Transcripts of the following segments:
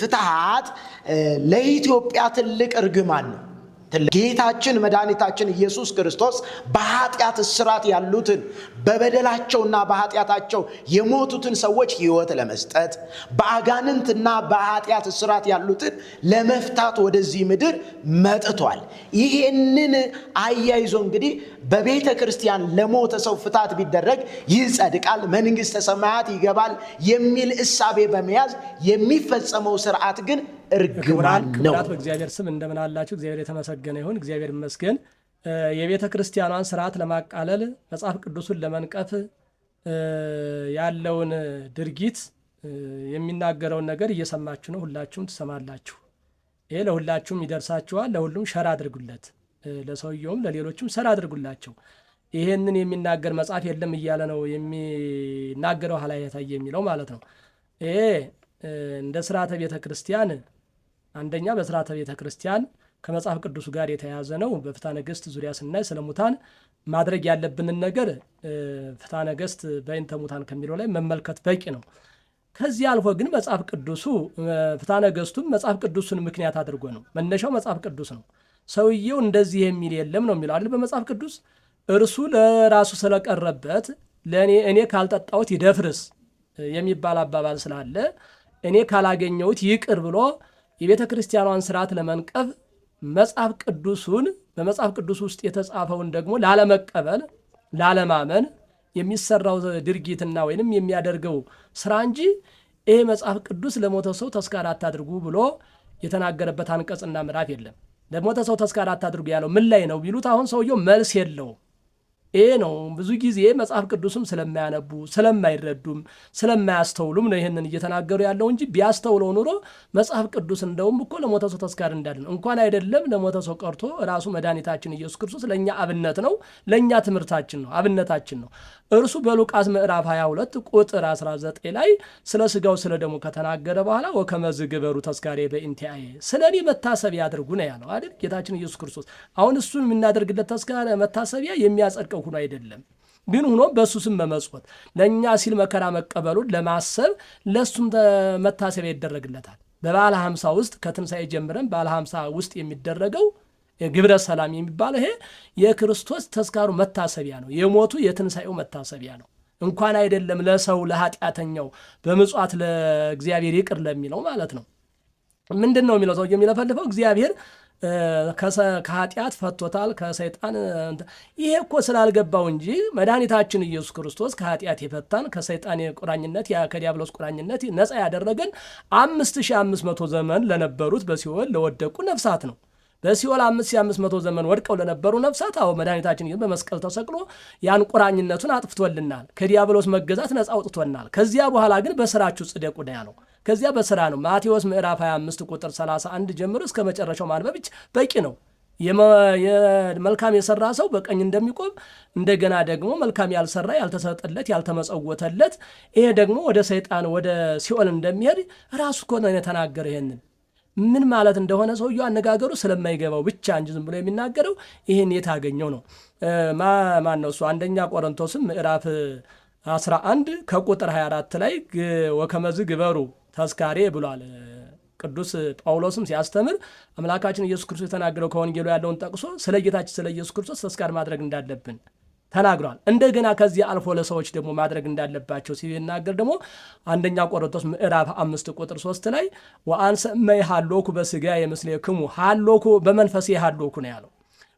ፍትሐት ለኢትዮጵያ ትልቅ እርግማን ነው። ጌታችን መድኃኒታችን ኢየሱስ ክርስቶስ በኃጢአት እስራት ያሉትን በበደላቸውና በኃጢአታቸው የሞቱትን ሰዎች ሕይወት ለመስጠት በአጋንንትና በኃጢአት እስራት ያሉትን ለመፍታት ወደዚህ ምድር መጥቷል። ይህንን አያይዞ እንግዲህ በቤተ ክርስቲያን ለሞተ ሰው ፍታት ቢደረግ ይጸድቃል፣ መንግሥተ ሰማያት ይገባል የሚል እሳቤ በመያዝ የሚፈጸመው ስርዓት ግን እርግማን ነው። በእግዚአብሔር ስም እንደምን አላችሁ? እግዚአብሔር የተመሰ የተመሰገነ ይሁን፣ እግዚአብሔር ይመስገን። የቤተ ክርስቲያኗን ስርዓት ለማቃለል መጽሐፍ ቅዱሱን ለመንቀፍ ያለውን ድርጊት የሚናገረውን ነገር እየሰማችሁ ነው። ሁላችሁም ትሰማላችሁ። ይሄ ለሁላችሁም ይደርሳችኋል። ለሁሉም ሸር አድርጉለት፣ ለሰውየውም ለሌሎችም ሸር አድርጉላቸው። ይሄንን የሚናገር መጽሐፍ የለም እያለ ነው የሚናገረው ኋላ የሚለው ማለት ነው። ይሄ እንደ ስርዓተ ቤተ ክርስቲያን አንደኛ በስርዓተ ቤተ ክርስቲያን ከመጽሐፍ ቅዱሱ ጋር የተያያዘ ነው። በፍታ ነገስት ዙሪያ ስናይ ስለ ሙታን ማድረግ ያለብንን ነገር ፍታ ነገስት በይንተ ሙታን ከሚለው ላይ መመልከት በቂ ነው። ከዚህ አልፎ ግን መጽሐፍ ቅዱሱ ፍታ ነገስቱም መጽሐፍ ቅዱሱን ምክንያት አድርጎ ነው። መነሻው መጽሐፍ ቅዱስ ነው። ሰውየው እንደዚህ የሚል የለም ነው የሚለው አይደል? በመጽሐፍ ቅዱስ እርሱ ለራሱ ስለቀረበት ለእኔ እኔ ካልጠጣሁት ይደፍርስ የሚባል አባባል ስላለ እኔ ካላገኘሁት ይቅር ብሎ የቤተ ክርስቲያኗን ስርዓት ለመንቀፍ መጽሐፍ ቅዱሱን በመጽሐፍ ቅዱስ ውስጥ የተጻፈውን ደግሞ ላለመቀበል ላለማመን የሚሰራው ድርጊትና ወይንም የሚያደርገው ስራ እንጂ ይሄ መጽሐፍ ቅዱስ ለሞተ ሰው ተስካር አታድርጉ ብሎ የተናገረበት አንቀጽና ምዕራፍ የለም። ለሞተ ሰው ተስካር አታድርጉ ያለው ምን ላይ ነው ቢሉት አሁን ሰውየው መልስ የለውም። ይሄ ነው። ብዙ ጊዜ መጽሐፍ ቅዱስም ስለማያነቡ ስለማይረዱም ስለማያስተውሉም ነው ይህንን እየተናገሩ ያለው እንጂ ቢያስተውለው ኑሮ መጽሐፍ ቅዱስ እንደውም እኮ ለሞተ ሰው ተስካሪ እንዳለ ነው። እንኳን አይደለም ለሞተ ሰው ቀርቶ ራሱ መድኃኒታችን ኢየሱስ ክርስቶስ ለእኛ አብነት ነው፣ ለእኛ ትምህርታችን ነው፣ አብነታችን ነው። እርሱ በሉቃስ ምዕራፍ 22 ቁጥር 19 ላይ ስለ ስጋው ስለ ደሙ ከተናገረ በኋላ ወከመዝ ግበሩ ተስካሪ በኢንቲአይ ስለ እኔ መታሰቢያ አድርጉ ነው ያለው አይደል ጌታችን ኢየሱስ ክርስቶስ። አሁን እሱን የምናደርግለት ተስካር መታሰቢያ የሚያጸድቀው ሆኖ አይደለም ግን ሆኖ በእሱ ስም መመጽወት ለእኛ ሲል መከራ መቀበሉን ለማሰብ ለእሱም መታሰቢያ ይደረግለታል። በባለ ሀምሳ ውስጥ ከትንሣኤ ጀምረን ባለ ሀምሳ ውስጥ የሚደረገው ግብረ ሰላም የሚባለው ይሄ የክርስቶስ ተስካሩ መታሰቢያ ነው። የሞቱ የትንሣኤው መታሰቢያ ነው። እንኳን አይደለም ለሰው ለኃጢአተኛው በምጽዋት ለእግዚአብሔር ይቅር ለሚለው ማለት ነው። ምንድን ነው የሚለው ሰው የሚለፈልፈው እግዚአብሔር ከኃጢአት ፈቶታል፣ ከሰይጣን ይሄ እኮ ስላልገባው እንጂ መድኃኒታችን ኢየሱስ ክርስቶስ ከኃጢአት የፈታን ከሰይጣን የቁራኝነት ከዲያብሎስ ቁራኝነት ነፃ ያደረገን አምስት ሺህ አምስት መቶ ዘመን ለነበሩት በሲኦል ለወደቁ ነፍሳት ነው። በሲኦል አምስት ሺህ አምስት መቶ ዘመን ወድቀው ለነበሩ ነፍሳት አዎ መድኃኒታችን ግን በመስቀል ተሰቅሎ ያን ቁራኝነቱን አጥፍቶልናል። ከዲያብሎስ መገዛት ነፃ አውጥቶናል። ከዚያ በኋላ ግን በስራችሁ ጽደቁ ነው ያለው። ከዚያ በስራ ነው። ማቴዎስ ምዕራፍ 25 ቁጥር 31 ጀምሮ እስከ መጨረሻው ማንበብች በቂ ነው። መልካም የሰራ ሰው በቀኝ እንደሚቆም እንደገና ደግሞ መልካም ያልሰራ ያልተሰጠለት፣ ያልተመጸወተለት ይሄ ደግሞ ወደ ሰይጣን ወደ ሲኦል እንደሚሄድ ራሱ እኮ ነው የተናገረ። ይሄንን ምን ማለት እንደሆነ ሰውየው አነጋገሩ ስለማይገባው ብቻ እንጂ ዝም ብሎ የሚናገረው ይህን የታገኘው ነው። ማን ነው እሱ? አንደኛ ቆሮንቶስም ምዕራፍ 11 ከቁጥር 24 ላይ ወከመዝ ግበሩ ተስካሬ ብሏል። ቅዱስ ጳውሎስም ሲያስተምር አምላካችን ኢየሱስ ክርስቶስ የተናገረው ከወንጌሉ ያለውን ጠቅሶ ስለ ጌታችን ስለ ኢየሱስ ክርስቶስ ተስካር ማድረግ እንዳለብን ተናግሯል። እንደገና ከዚህ አልፎ ለሰዎች ደግሞ ማድረግ እንዳለባቸው ሲናገር ደግሞ አንደኛ ቆሮንቶስ ምዕራፍ አምስት ቁጥር ሶስት ላይ ወአንሰ እመ በስጋ የምስሌ ክሙ ሃሎኩ በመንፈሴ የሃሎኩ ነው ያለው።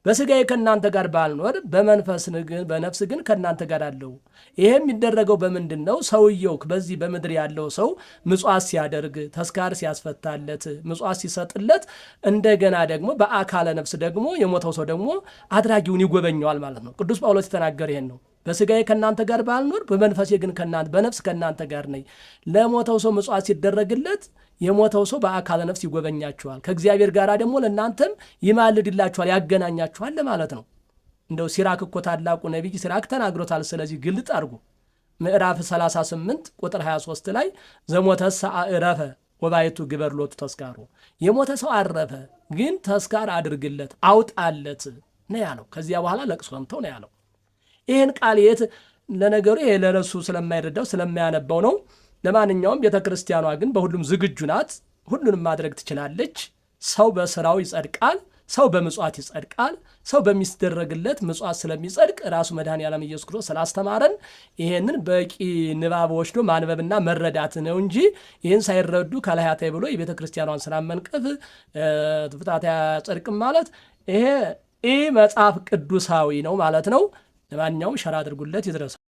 በስጋዬ ከእናንተ ጋር ባልኖር በመንፈስ በነፍስ ግን ከእናንተ ጋር አለው። ይሄ የሚደረገው በምንድን ነው? ሰውየው በዚህ በምድር ያለው ሰው ምጽዋት ሲያደርግ ተስካር ሲያስፈታለት ምጽዋት ሲሰጥለት፣ እንደገና ደግሞ በአካለ ነፍስ ደግሞ የሞተው ሰው ደግሞ አድራጊውን ይጎበኘዋል ማለት ነው። ቅዱስ ጳውሎስ የተናገረ ይሄን ነው። በስጋዬ ከእናንተ ጋር ባልኖር በመንፈሴ ግን ከናንተ በነፍስ ከእናንተ ጋር ነኝ። ለሞተው ሰው ምጽዋት ሲደረግለት የሞተው ሰው በአካለ ነፍስ ይጎበኛችኋል፣ ከእግዚአብሔር ጋር ደግሞ ለእናንተም ይማልድላችኋል፣ ያገናኛችኋል ለማለት ነው። እንደው ሲራክ እኮ ታላቁ ነቢይ ሲራክ ተናግሮታል። ስለዚህ ግልጥ አድርጎ ምዕራፍ 38 ቁጥር 23 ላይ ዘሞተሰ አዕረፈ ወባይቱ ግበር ሎቱ ተስካሮ፣ የሞተ ሰው አረፈ፣ ግን ተስካር አድርግለት አውጣለት ነው ያለው። ከዚያ በኋላ ለቅሶ ሰምተው ነው ያለው። ይህን ቃል የት ለነገሩ ይሄ ለረሱ ስለማይረዳው ስለማያነባው ነው። ለማንኛውም ቤተ ክርስቲያኗ ግን በሁሉም ዝግጁ ናት። ሁሉንም ማድረግ ትችላለች። ሰው በስራው ይጸድቃል። ሰው በምጽዋት ይጸድቃል። ሰው በሚስደረግለት ምጽዋት ስለሚጸድቅ ራሱ መድኃኔ ዓለም ኢየሱስ ክርስቶስ ስላስተማረን ይሄንን በቂ ንባብ ወስዶ ማንበብና መረዳት ነው እንጂ ይህን ሳይረዱ ከላያታይ ብሎ የቤተ ክርስቲያኗን ስራ መንቀፍ ፍታት ማለት ይሄ ኢ መጽሐፍ ቅዱሳዊ ነው ማለት ነው። ለማንኛውም ሸራ አድርጉለት ይድረሳል